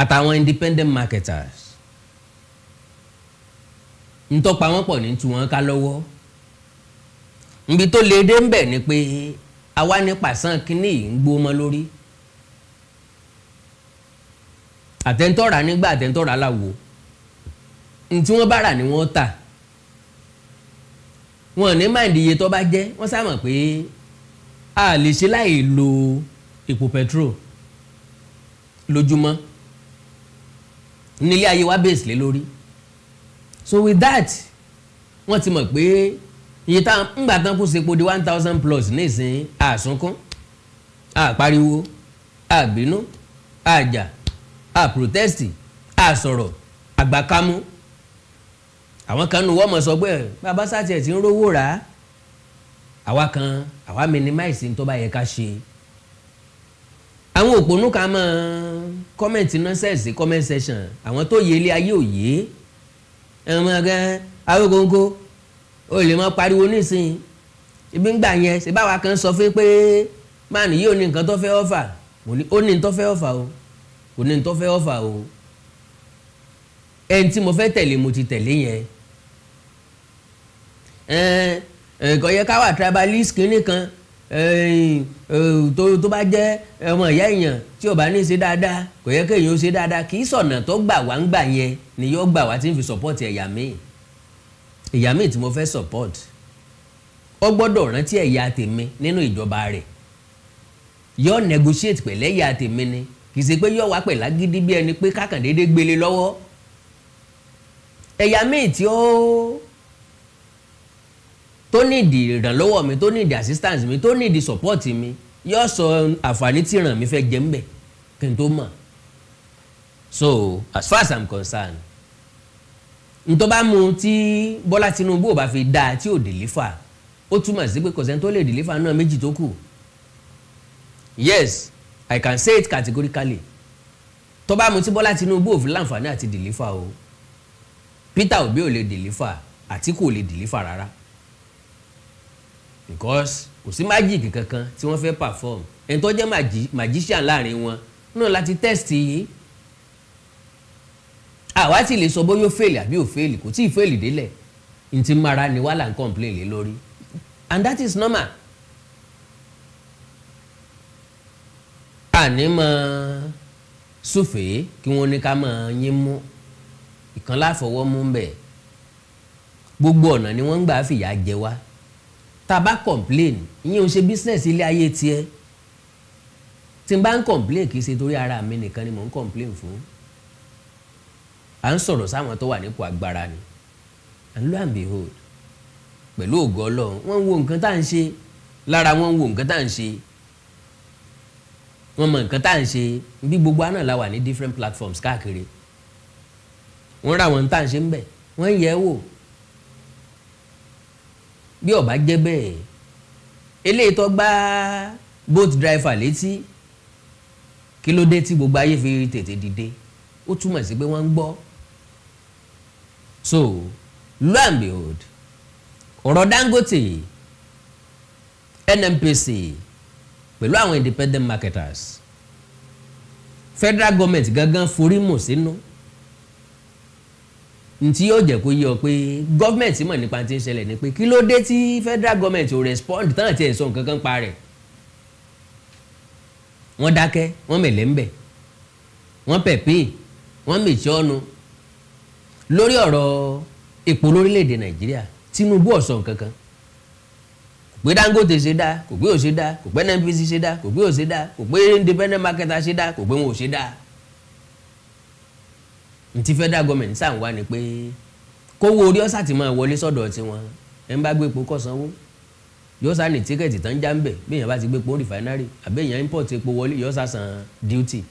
àtàwọn independent marketers ntọ́pa wọn pọ̀ ní tiwọn ká lọ́wọ́ nbi tó lè dé ń bẹ̀ ni pé àwa ní pàṣán kínní yìí ń gbó mọ́ lórí àtẹ̀ntọ́ra nígbà àtẹ̀ntọ́ra láwo ntí wọ́n bá rà ni wọ́n tà wọn ní máìndì iye tó bá jẹ́ wọ́n sá pé a lè ṣe láì lo epo petrol lójúmọ́ nílé ayé wa base lé lórí so with that wọ́n ti mọ̀ pé iye tá ngbà tán kó sepo di one thousand plus nísìnyí àsunkún àpariwo àbínú àjà àprotesti àsọ̀rọ̀ àgbàkámú àwọn kan nu wọ́n mọ̀ sọ pé bàbá sátì ẹ̀ ti ń rówó rà á àwa kan àwa minimize ní tó bá yẹ ká ṣe àwọn òpònú kan máa Comment nonsense. kọ́mẹ̀ntì sẹ́ṣàn àwọn tó yẹ ilé ayé òye ẹ̀rọ gan arógóńgó o lè mọ pariwo nísìnyí ibi ń gbà yẹn ṣe báwa kan sọ fún pé máàní yìí ò ní nǹkan tó fẹ́ ọ̀fà ó ní nǹkan tó fẹ́ ọ̀fà o kò ní nǹkan tó fẹ́ ọ̀fà o ẹni tí mo fẹ́ tẹ̀lé mo ti tẹ̀lé yẹn ẹ̀ẹ́n ẹ̀kọ́ yẹ ká wà tribalist kínní kan tó tó bá jẹ́ ọmọ ìyá èèyàn tí ò bá ní í ṣe dáadáa kò yẹ kéèyàn ó ṣe dáadáa kì í sọ̀nà tó gbà wá ń gbà yẹn ni yóò gbà wá tí ń fi support ẹ̀yà míì ẹ̀yà míì tí mo fẹ́ support ó gbọ́dọ̀ rántí ẹ̀yà tèmi nínú ìjọba rẹ̀ yóò negotiate pẹ̀lú ẹ̀yà tèmi ni kì í ṣe pé yóò wá pẹ̀lú agídí bí ẹni pé kákàndéédé gbélé lọ́wọ́ ẹ̀yà míì tí ó tó nídìí ìrànlọ́wọ́ mi tó nídìí assistance mi tó nídìí support mi yóò sọ àǹfààní tí ràn mí fẹ́ jẹ ńbẹ̀ kí n tó mọ̀ so as far as i'm concerned ntọ́ bá mu tí Bọ́lá Tinubu ò bá fi dáa tí ò dìlífà ó túmọ̀ sí pé kò tó lè dìlífà náà méjì tó kù yes i can say it categorically tó bá mu tí Bọ́lá Tinubu ò fi láǹfààní àti dìlífà o Peter Obi ò lè dìlífà Àtíkù ò lè dìlífà rárá because kò sí májìkì kankan tí wọ́n fẹ́ perform ẹni tó jẹ́ magician láàrin wọn náà láti test yìí àwa ti lè sọ bóyá ó fail àbí ó fail kò tí ì fail délẹ̀ n ti mara ni wàhálà ń complain lé lórí and that is normal. àní mọ súfèé kí wọ́n ní ká mọ yín mú ìkànlá àfọwọ́ mú bẹ́ẹ̀ gbogbo ọ̀nà ni wọ́n ń gbà fìyà jẹ wá tàbá complain ìyẹn ò ṣe business ilé ayé tiẹ̀ tí n bá ń complain kì í ṣe torí ara mi nìkan ni mò ń complain fún à ń sọ̀rọ̀ sáwọn tó wà nípò agbára ni and lo and behold pẹ̀lú ògo Ọlọ́run wọ́n ń wo nǹkan tá à ń ṣe lára wọn ń wo nǹkan tá à ń ṣe wọ́n mọ nǹkan tá à ń ṣe bí gbogbo àná la wà ní different platforms káàkiri wọ́n ra wọn tá à ń ṣe ń bẹ̀ wọ́n ń wò bí ó bá jẹ́ eléyìí tó gbá boat driver létí kí ló dé tí gbogbo ayé fi tètè dìde ó túmọ̀ sí pé wọ́n ń gbọ́ so lo and behold ọ̀rọ̀ Dangote NNPC pẹ̀lú àwọn independent marketers federal government gangan forí mọ̀ sínú. No? ntí yóò jẹ́ kó yé ọ pé government mọ̀ nípa ti ń ṣẹlẹ̀ ni pé kí ló dé tí federal government ò respond tán àti ẹ̀sọ́ nǹkan kan pa rẹ̀ wọ́n dákẹ́ wọ́n mẹ̀lẹ́ ń bẹ̀ wọ́n pẹ̀pín wọ́n mèsì ọ̀nu lórí ọ̀rọ̀ epo lórílẹ̀‐èdè nàìjíríà tinubu ọ̀sọ̀ nǹkan kan kò pé dangote ṣe dáa kò pé ò ṣe dáa kò pé nnpc ṣe dáa kò pé ò kò pé independent marketer ṣe dáa kò pé wọn ò ntí federal government sáà ń wá ni pé kówó orí ọ̀sà ti máa wọlé sọ́dọ̀ tiwọn ẹ̀ ń bá gbé epo kọ̀ sanwó yóò sá ní tíkẹ́ẹ̀tì tán já ń bẹ̀ bí èèyàn bá ti gbé epo rìfáínárì àbí èèyàn import epo wọlé yóò sá san duty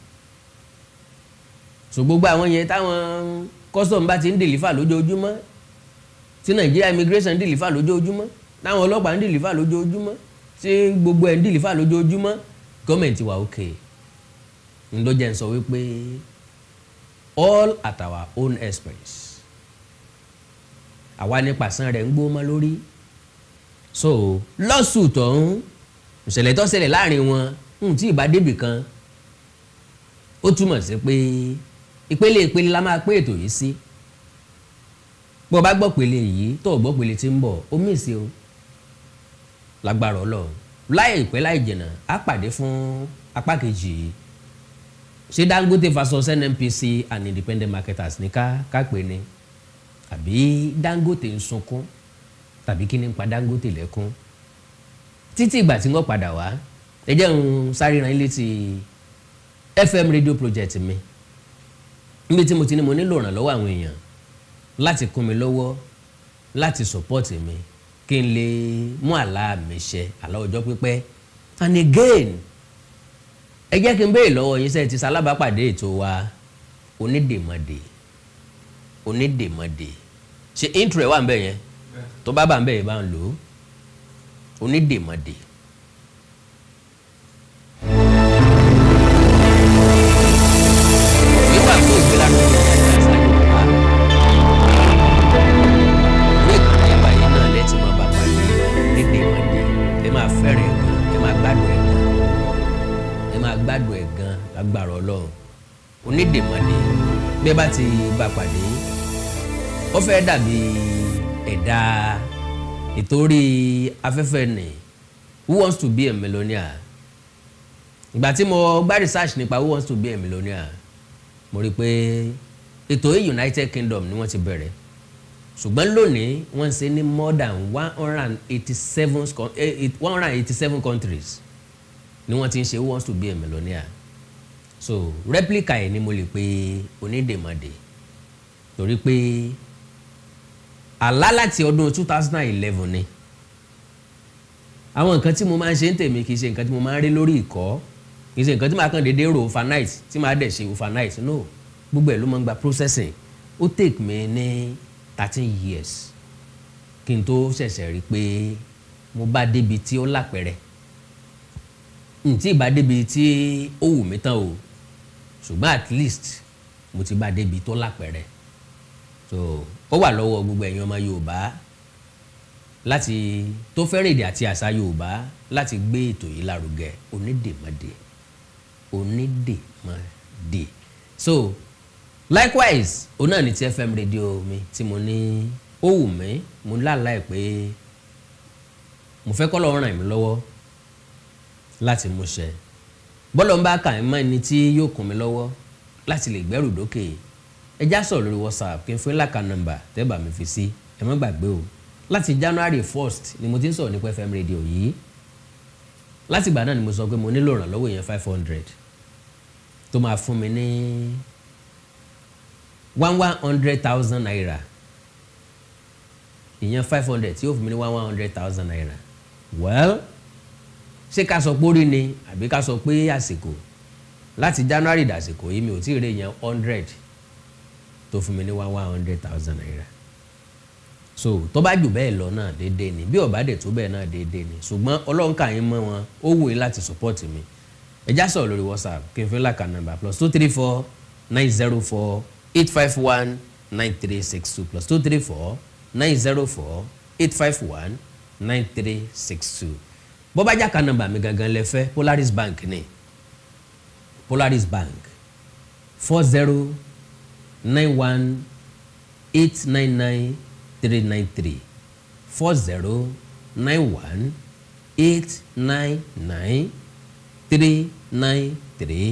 so gbogbo àwọn yẹn táwọn custom bá ti ń deliver lójoojúmọ́ tí Nigeria immigration ń deliver lójoojúmọ́ táwọn ọlọ́pàá ń deliver lójoojúmọ́ tí gbogbo ẹ̀ ń deliver lójoojúmọ́ gọ́ọ̀mẹ̀ntì wà ókè ńlọ́jà ń sọ wípé all at our own expense àwa ní pàṣán rẹ̀ ń gbó lórí so lawsuit ọ̀hún ìṣẹ̀lẹ̀ tó ṣẹlẹ̀ láàrin wọn ń tí ìbá débì kan ó túmọ̀ sí pé ìpele ìpele la máa pín ètò yìí sí bó o bá gbọ́ pele yìí tó o gbọ́ pele tí ń bọ̀ ó mí e o lágbára Ọlọ́run láìpẹ́ láì jìnnà á pàdé fún apá kejì yìí ṣé Dangote versus NNPC and independent marketers ní ká ká pè ní àbí Dangote ń sunkún tàbí kí ni ń pa Dangote lẹ́kún títí ìgbà tí wọ́n padà wá ẹ jẹ́ ń sáré ran ilé ti FM radio project mi níbi tí mo ti ní mo nílò ìrànlọ́wọ́ àwọn èèyàn láti kún mi lọ́wọ́ láti support mi kí n lè mú àlá mi ṣẹ àlá ọjọ́ pípẹ́ and again ẹ jẹ́ kí n béèrè lọ́wọ́ yín sẹ́ẹ̀ ti ṣalábàápàdé ètò wa onídèmọ̀dè onídèmọ̀dè ṣe intro ẹ̀ wà ń bẹ̀ yẹn tó bá bà ń bẹ̀ yẹn bá ń lò ó onídèmọ̀dè. onídèmọ̀dé bẹ́ẹ̀ bá ti bá pàdé ó fẹ́ dàbí ẹ̀dá ìtorí afẹ́fẹ́ nì who wants to be a millionaire ìgbà tí mo gbá research nípa who wants to be a millionaire mo rí i pé ètò United Kingdom ni wọ́n ti bẹ̀rẹ̀ ṣùgbọ́n lónìí wọ́n ṣe ní more than one hundred and eighty seven eh, one hundred and eighty seven countries ni wọ́n ti ń ṣe who wants to be a millionaire so replica yẹn ni mo lè pe onídèmọdè torí pé àlá láti ọdún two thousand and eleven ni àwọn nǹkan tí mo máa ń ṣe ń tèmi kì í ṣe nǹkan tí mo máa ń rí lórí ìkọ́ kì í ṣe nǹkan tí màá kàn déédéé rò overnight tí màá dẹ̀ ṣe overnight no gbogbo ẹ̀ ló máa ń gba processing ó take me ní thirteen years kí n tó ṣẹ̀ṣẹ̀ rí i pé mo bá débi tí ó lápẹ̀rẹ̀ ǹtí ìbá débi tí ó wù mí tán o ṣùgbọ́n at least mo ti bá a débi tó lápẹ̀rẹ̀ so ó wà lọ́wọ́ gbogbo ẹ̀yin ọmọ Yorùbá láti tó fẹ́ràn èdè àti àṣà Yorùbá láti gbé ètò yìí lárugẹ onídèmọdè onídèmọdè so likewise òun náà ni ti FM radio mi tí mo ní ó wù mí mo láláì pé mo fẹ́ kọ́ lọ́ọ́ ràn mí lọ́wọ́ láti múṣẹ bọ́lọ̀ ń bá kà ń mọ́ ẹni tí yóò kún mi lọ́wọ́ láti lè gbẹ́rù dókè ẹ já sọ̀rọ̀ lórí whatsapp kí n fún ìlàkà nọ́mbà tẹ́bà mi fi sí ẹ má gbàgbé o láti january 1st ni mo ti ń sọ̀rọ̀ nípa fm radio yìí láti ìgbà náà ni mo sọ pé mo nílò ìrànlọ́wọ́ èèyàn 500 tó máa fún mi ní one one hundred thousand naira ìyẹn five hundred tí yóò fún mi ní one one hundred thousand naira well ṣé ká sọ pórí ni àbí ká sọ pé àsìkò láti january dàsìkò yìí mi ò tí ì rè yẹn hundred tó fún mi ní one hundred thousand naira so tó bá jù bẹ́ẹ̀ lọ náà déédéé ni bí ó bá dé tó bẹ́ẹ̀ náà déédéé ni ṣùgbọ́n ọlọ́run kà yín mọ́ wọn ó wù yín láti support mi ẹ sọ̀rọ̀ lórí whatsapp kí n fi láka nàmbà plus two three four nine zero four eight five one nine three six two plus two three four nine zero four eight five one nine three six two bó bá jàkà nọ́mbà mi gangan lẹ fẹ́ Polaris Bank ni Polaris Bank four zero nine one eight nine nine three nine three four zero nine one eight nine nine three nine three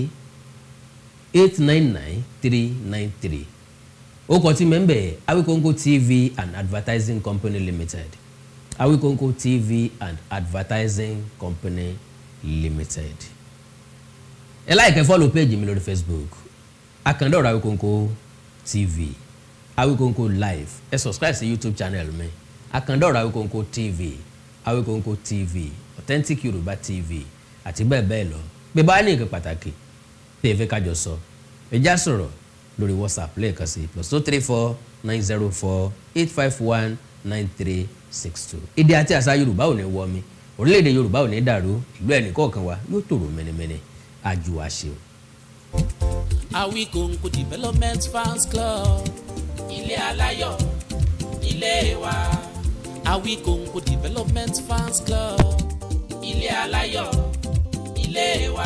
eight nine nine three nine three ó kọ tí mẹ́ńbẹ̀ Awikonko TV and Advertising Company Limited Awikonko TV and Advertising Company Limited. ẹ láìkẹ́ fọ́lù péèjì mi lórí Facebook akandọ̀rọ̀ Awikonko TV Awikonko live ẹ subscribe sí YouTube channel mi akandọ̀rọ̀ Awikonko TV Awikonko TV Authentic Yoruba TV àti bẹ́ẹ̀ bẹ́ẹ̀ lọ pé bá ní nǹkan pàtàkì tí ẹ fẹ́ kájọ sọ ẹ já sọ̀rọ̀ lórí WhatsApp lẹ́ẹ̀kan sí plus two three four nine zero four eight five one nine three six two. èdè àti àṣà yorùbá ò ní wọ mi orílẹ̀-èdè yorùbá ò ní dàrú ìlú ẹnì kọ̀ọ̀kan wa yóò tòrò mẹ́nẹ́mẹ́nẹ́ àjò àṣẹ. Awikonko development fans club ilé aláyọ̀ ilé wa. Awikonko development fans club ilé aláyọ̀ ilé wa